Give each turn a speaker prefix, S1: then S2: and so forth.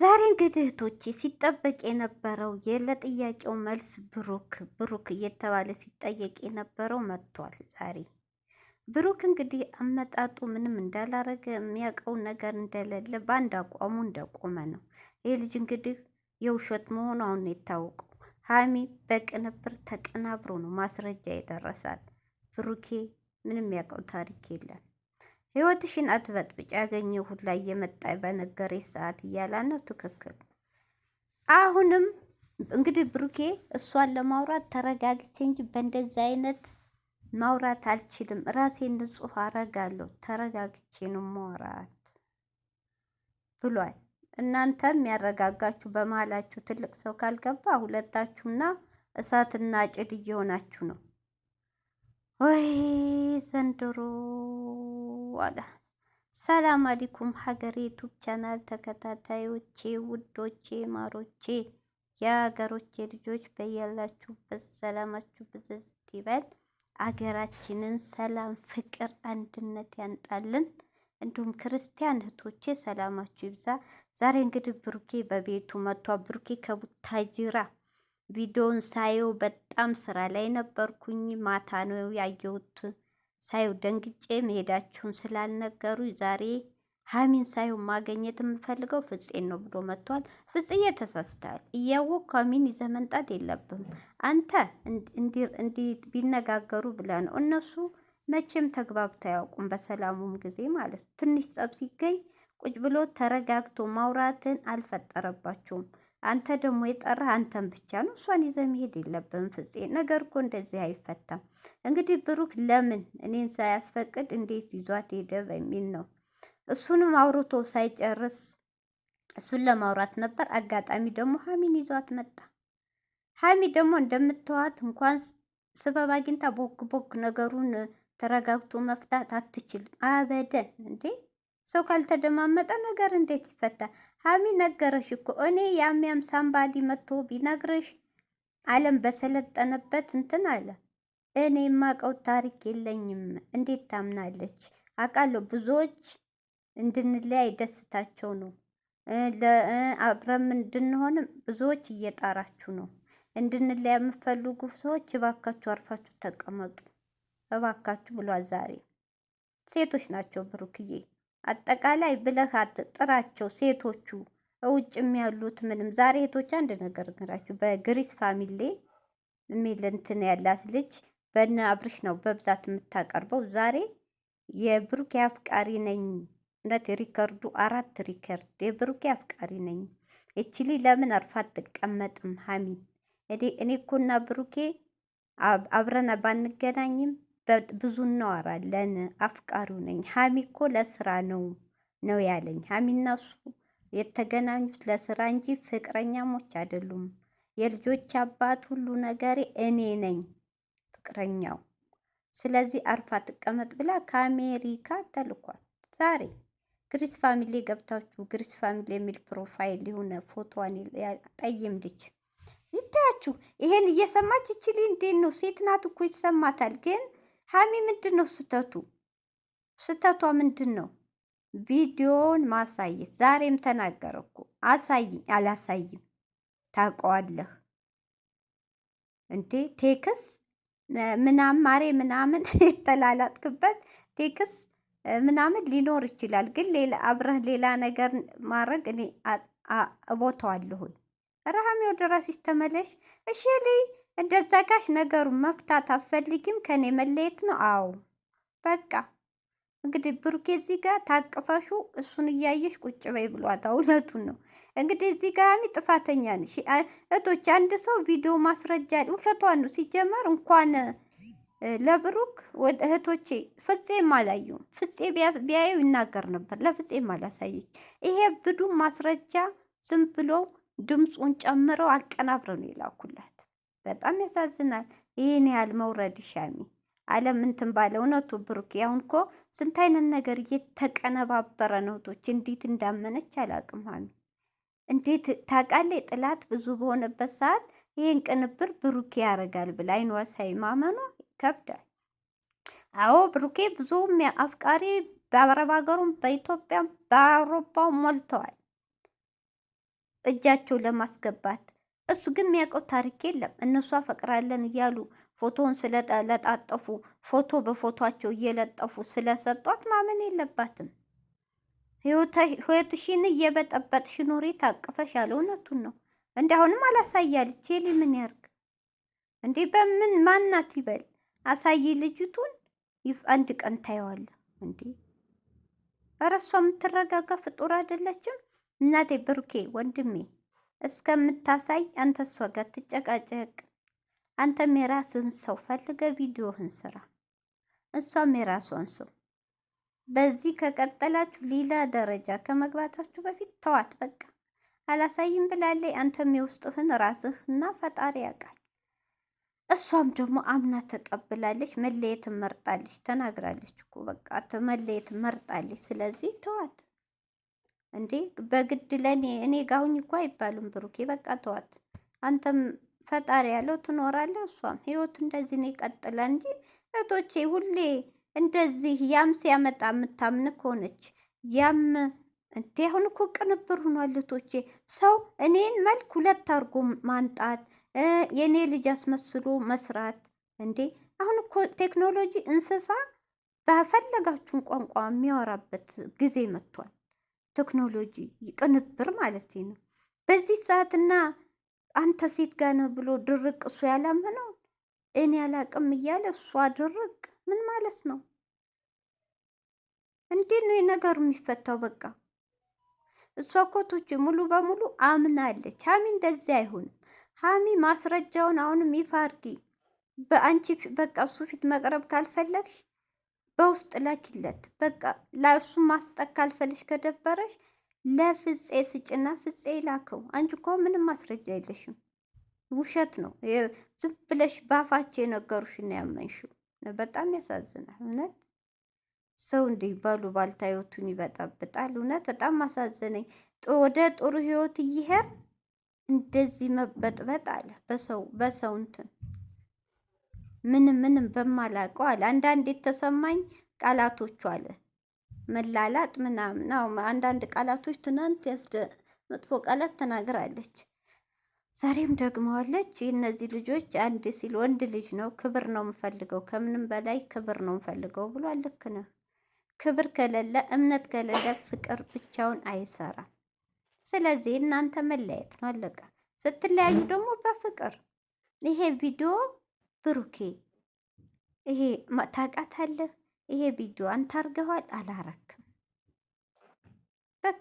S1: ዛሬ እንግዲህ እህቶቼ ሲጠበቅ የነበረው የለጥያቄው መልስ ብሩክ ብሩክ እየተባለ ሲጠየቅ የነበረው መጥቷል። ዛሬ ብሩክ እንግዲህ አመጣጡ ምንም እንዳላረገ የሚያውቀው ነገር እንደሌለ በአንድ አቋሙ እንደቆመ ነው። ይህ ልጅ እንግዲህ የውሸት መሆኑ አሁን የታወቀው ሀሚ በቅንብር ተቀናብሮ ነው ማስረጃ የደረሳል። ብሩኬ ምንም ያውቀው ታሪክ የለም። ህይወትሽን አትበጥብጭ፣ ያገኘው ሁላ እየመጣ በነገሬ ሰዓት እያላ ነው። ትክክል። አሁንም እንግዲህ ብሩኬ እሷን ለማውራት ተረጋግቼ እንጂ በእንደዚህ አይነት ማውራት አልችልም። ራሴን ንጹህ አረጋለሁ፣ ተረጋግቼ ነው ማውራት ብሏል። እናንተም ያረጋጋችሁ በመሀላችሁ ትልቅ ሰው ካልገባ ሁለታችሁና እሳትና ጭድ እየሆናችሁ ነው ወይ ዘንድሮ አለ። ሰላም አለይኩም ሀገሬ ዩቱብ ቻናል ተከታታዮቼ፣ ውዶቼ፣ ማሮቼ፣ የሀገሮቼ ልጆች በያላችሁበት ሰላማችሁ ብዝዝ ይበል። አገራችንን ሰላም፣ ፍቅር፣ አንድነት ያንጣልን። እንዲሁም ክርስቲያን እህቶቼ ሰላማችሁ ይብዛ። ዛሬ እንግዲህ ብሩኬ በቤቱ መጥቷ ብሩኬ ከቡታጅራ ቪዲዮን ሳየው በጣም ስራ ላይ ነበርኩኝ። ማታ ነው ያየሁት። ሳይው ደንግጬ መሄዳችሁን ስላልነገሩ ዛሬ ሀሚን ሳይው ማገኘት የምፈልገው ፍጼን ነው ብሎ መጥቷል። ፍጽዬ ተሳስተሃል። እያወቅ ሀሚን ይዘህ መምጣት የለብህም አንተ እንዲ ቢነጋገሩ ብለህ ነው። እነሱ መቼም ተግባብቶ አያውቁም። በሰላሙም ጊዜ ማለት ትንሽ ጸብ ሲገኝ ቁጭ ብሎ ተረጋግቶ ማውራትን አልፈጠረባቸውም። አንተ ደግሞ የጠራህ አንተን ብቻ ነው። እሷን ይዘ መሄድ የለብህም ፍፄ። ነገር እኮ እንደዚህ አይፈታም። እንግዲህ ብሩክ ለምን እኔን ሳያስፈቅድ እንዴት ይዟት ሄደ በሚል ነው። እሱንም አውርቶ ሳይጨርስ እሱን ለማውራት ነበር። አጋጣሚ ደግሞ ሀሚን ይዟት መጣ። ሀሚ ደግሞ እንደምትዋት እንኳን ስበብ አግኝታ ቦግ ቦግ ነገሩን ተረጋግቶ መፍታት አትችልም አበደን እንዴ ሰው ካልተደማመጠ ነገር እንዴት ይፈታል? ሀሚ ነገረሽ እኮ እኔ ያሚያም ሳምባዲ መጥቶ ቢነግርሽ አለም በሰለጠነበት እንትን አለ። እኔ የማውቀው ታሪክ የለኝም። እንዴት ታምናለች? አውቃለሁ ብዙዎች እንድንለያይ ደስታቸው ነው። አብረም እንድንሆንም ብዙዎች እየጣራችሁ ነው። እንድንለያ የምፈልጉ ሰዎች እባካችሁ አርፋችሁ ተቀመጡ፣ እባካችሁ ብሏል። ዛሬ ሴቶች ናቸው ብሩክዬ አጠቃላይ ብለህ አትጥራቸው። ሴቶቹ ውጭም ያሉት ምንም ዛሬ ሴቶች አንድ ነገር እግራችሁ በግሪስ ፋሚሊ የሚል እንትን ያላት ልጅ በነ አብርሽ ነው በብዛት የምታቀርበው። ዛሬ የብሩኬ አፍቃሪ ነኝ ነት ሪከርዱ አራት ሪከርድ የብሩኬ አፍቃሪ ነኝ። እችሊ ለምን አርፋ አትቀመጥም? ሀሚ እኔ እኮና ብሩኬ አብረን ባንገናኝም ብዙ እናወራለን። አፍቃሪው ነኝ። ሀሚ እኮ ለስራ ነው ነው ያለኝ። ሀሚና እሱ የተገናኙት ለስራ እንጂ ፍቅረኛሞች አይደሉም። የልጆች አባት ሁሉ ነገሬ እኔ ነኝ ፍቅረኛው። ስለዚህ አርፋ ትቀመጥ ብላ ከአሜሪካ ተልኳል። ዛሬ ግሪስ ፋሚሊ ገብታችሁ ግሪስ ፋሚሊ የሚል ፕሮፋይል የሆነ ፎቶዋን ጠይም ልጅ ይታያችሁ። ይሄን እየሰማች ይችል እንዴት ነው? ሴት ናት እኮ ይሰማታል ግን ሀሚ ምንድን ነው ስተቱ ስተቷ ምንድን ነው? ቪዲዮን ማሳየት። ዛሬም ተናገረ እኮ አሳይኝ። አላሳይም ታውቀዋለህ እንዴ ቴክስ ምናምን ማሬ ምናምን የተላላጥክበት ቴክስ ምናምን ሊኖር ይችላል፣ ግን ሌላ አብረህ ሌላ ነገር ማድረግ እኔ እቦተዋለሁኝ። ረሃሚ ወደ ራስሽ ተመለሽ እሺ። እንደዛ ጋሽ ነገሩን መፍታት አትፈልጊም? ከኔ መለየት ነው? አዎ በቃ እንግዲህ ብሩኬ እዚህ ጋር ታቅፈሹ እሱን እያየሽ ቁጭ በይ ብሏት፣ እውነቱን ነው እንግዲህ እዚህ ጋር ሀሚ ጥፋተኛ ነሽ እህቶች። አንድ ሰው ቪዲዮ ማስረጃ ውሸቷ ነው ሲጀመር። እንኳን ለብሩክ ወደ እህቶቼ ፍፄም አላዩም። ፍጼ ቢያዩ ይናገር ነበር። ለፍፄም አላሳየች። ይሄ ብዱ ማስረጃ ዝም ብሎ ድምፁን ጨምረው አቀናብረ ነው የላኩላት። በጣም ያሳዝናል። ይህን ያህል መውረድ ሻሚ አለም እንትን ባለ እውነቱ ብሩክ ያሁን እኮ ስንት አይነት ነገር እየተቀነባበረ ነውቶች እንዴት እንዳመነች አላቅም። ሀሚ እንዴት ታውቃለች? ጥላት ብዙ በሆነበት ሰዓት ይህን ቅንብር ብሩክ ያደርጋል ብላ አይኗ ሳይማመኗ ይከብዳል። አዎ ብሩኬ ብዙም አፍቃሪ በአረብ ሀገሩም በኢትዮጵያም በአውሮፓው ሞልተዋል እጃቸው ለማስገባት እሱ ግን የሚያውቀው ታሪክ የለም። እነሱ አፈቅራለን እያሉ ፎቶውን ስለለጣጠፉ ፎቶ በፎቷቸው እየለጠፉ ስለሰጧት ማመን የለባትም። ህይወትሽን እየበጠበጥሽ ኖሬ ታቅፈሽ ያለ እውነቱን ነው። እንዲ አሁንም አላሳያልች ሊ ምን ያርግ እንዴ? በምን ማናት ይበል አሳይ ልጅቱን አንድ ቀን ታየዋለ እንዴ? እረሷ የምትረጋጋ ፍጡር አይደለችም። እናቴ ብሩኬ ወንድሜ እስከምታሳይ አንተ እሷ ጋር ትጨቃጨቅ። አንተም የራስን ሰው ፈልገ ቪዲዮህን ስራ፣ እሷም የራሷን ሰው። በዚህ ከቀጠላችሁ ሌላ ደረጃ ከመግባታችሁ በፊት ተዋት። በቃ አላሳይም ብላለይ። አንተም የውስጥህን ራስህና ፈጣሪ ያውቃል። እሷም ደግሞ አምና ተቀብላለች። መለየት መርጣለች፣ ተናግራለች እኮ በቃ መለየት መርጣለች። ስለዚህ ተዋት። እንዴ በግድ ለኔ እኔ ጋሁኝ እኮ አይባሉም። ብሩኬ በቃ ተዋት። አንተም ፈጣሪ ያለው ትኖራለህ። እሷም ህይወቱ እንደዚህ ነው ይቀጥላ እንጂ እህቶቼ፣ ሁሌ እንደዚህ ያም ሲያመጣ የምታምን ከሆነች ያም እንዴ አሁን እኮ ቅንብር ሆኗል እህቶቼ። ሰው እኔን መልክ ሁለት አድርጎ ማንጣት የእኔ ልጅ አስመስሎ መስራት እንዴ አሁን እኮ ቴክኖሎጂ እንስሳ በፈለጋችሁን ቋንቋ የሚያወራበት ጊዜ መጥቷል። ቴክኖሎጂ ቅንብር ማለት ነው። በዚህ ሰዓትና አንተ ሴት ጋር ነው ብሎ ድርቅ እሱ ያላመነውን እኔ ያላቅም እያለ እሷ ድርቅ ምን ማለት ነው? እንዴት ነው የነገሩ የሚፈታው? በቃ እሷ ኮቶች ሙሉ በሙሉ አምናለች። ሀሚ እንደዚህ አይሆንም። ሀሚ ማስረጃውን አሁንም ይፋ አድርጊ። በአንቺ በቃ እሱ ፊት መቅረብ ካልፈለግሽ በውስጥ ላኪለት። በቃ ለእሱ ማስጠቅ አልፈልሽ ከደበረሽ ለፍጼ ስጭና ፍጼ ይላከው። አንቺ እኮ ምንም ማስረጃ የለሽም፣ ውሸት ነው። ዝም ብለሽ ባፋቸው እና ያመንሽው በጣም ያሳዝናል። እውነት ሰው እንዲህ ባሉ ባልታ ህይወቱን ይበጣብጣል። እውነት በጣም አሳዘነኝ። ወደ ጥሩ ህይወት እየሄድን እንደዚህ መበጥበጥ አለ በሰው በሰው እንትን ምንም ምንም በማላውቀው አለ አንዳንድ የተሰማኝ ቃላቶቹ አለ መላላጥ ምናምን አዎ አንዳንድ ቃላቶች ትናንት ያስደ መጥፎ ቃላት ተናግራለች። ዛሬም ደግመዋለች። እነዚህ ልጆች አንድ ሲል ወንድ ልጅ ነው ክብር ነው የምፈልገው፣ ከምንም በላይ ክብር ነው የምፈልገው ብሎ ልክ ነው። ክብር ከሌለ እምነት ከሌለ ፍቅር ብቻውን አይሰራም። ስለዚህ እናንተ መለያየት ነው አለቀ። ስትለያዩ ደግሞ በፍቅር ይሄ ቪዲዮ ብሩኬ ይሄ ታውቃታለህ፣ ይሄ ቪዲዮ አንተ አርገዋል አላረክም በቃ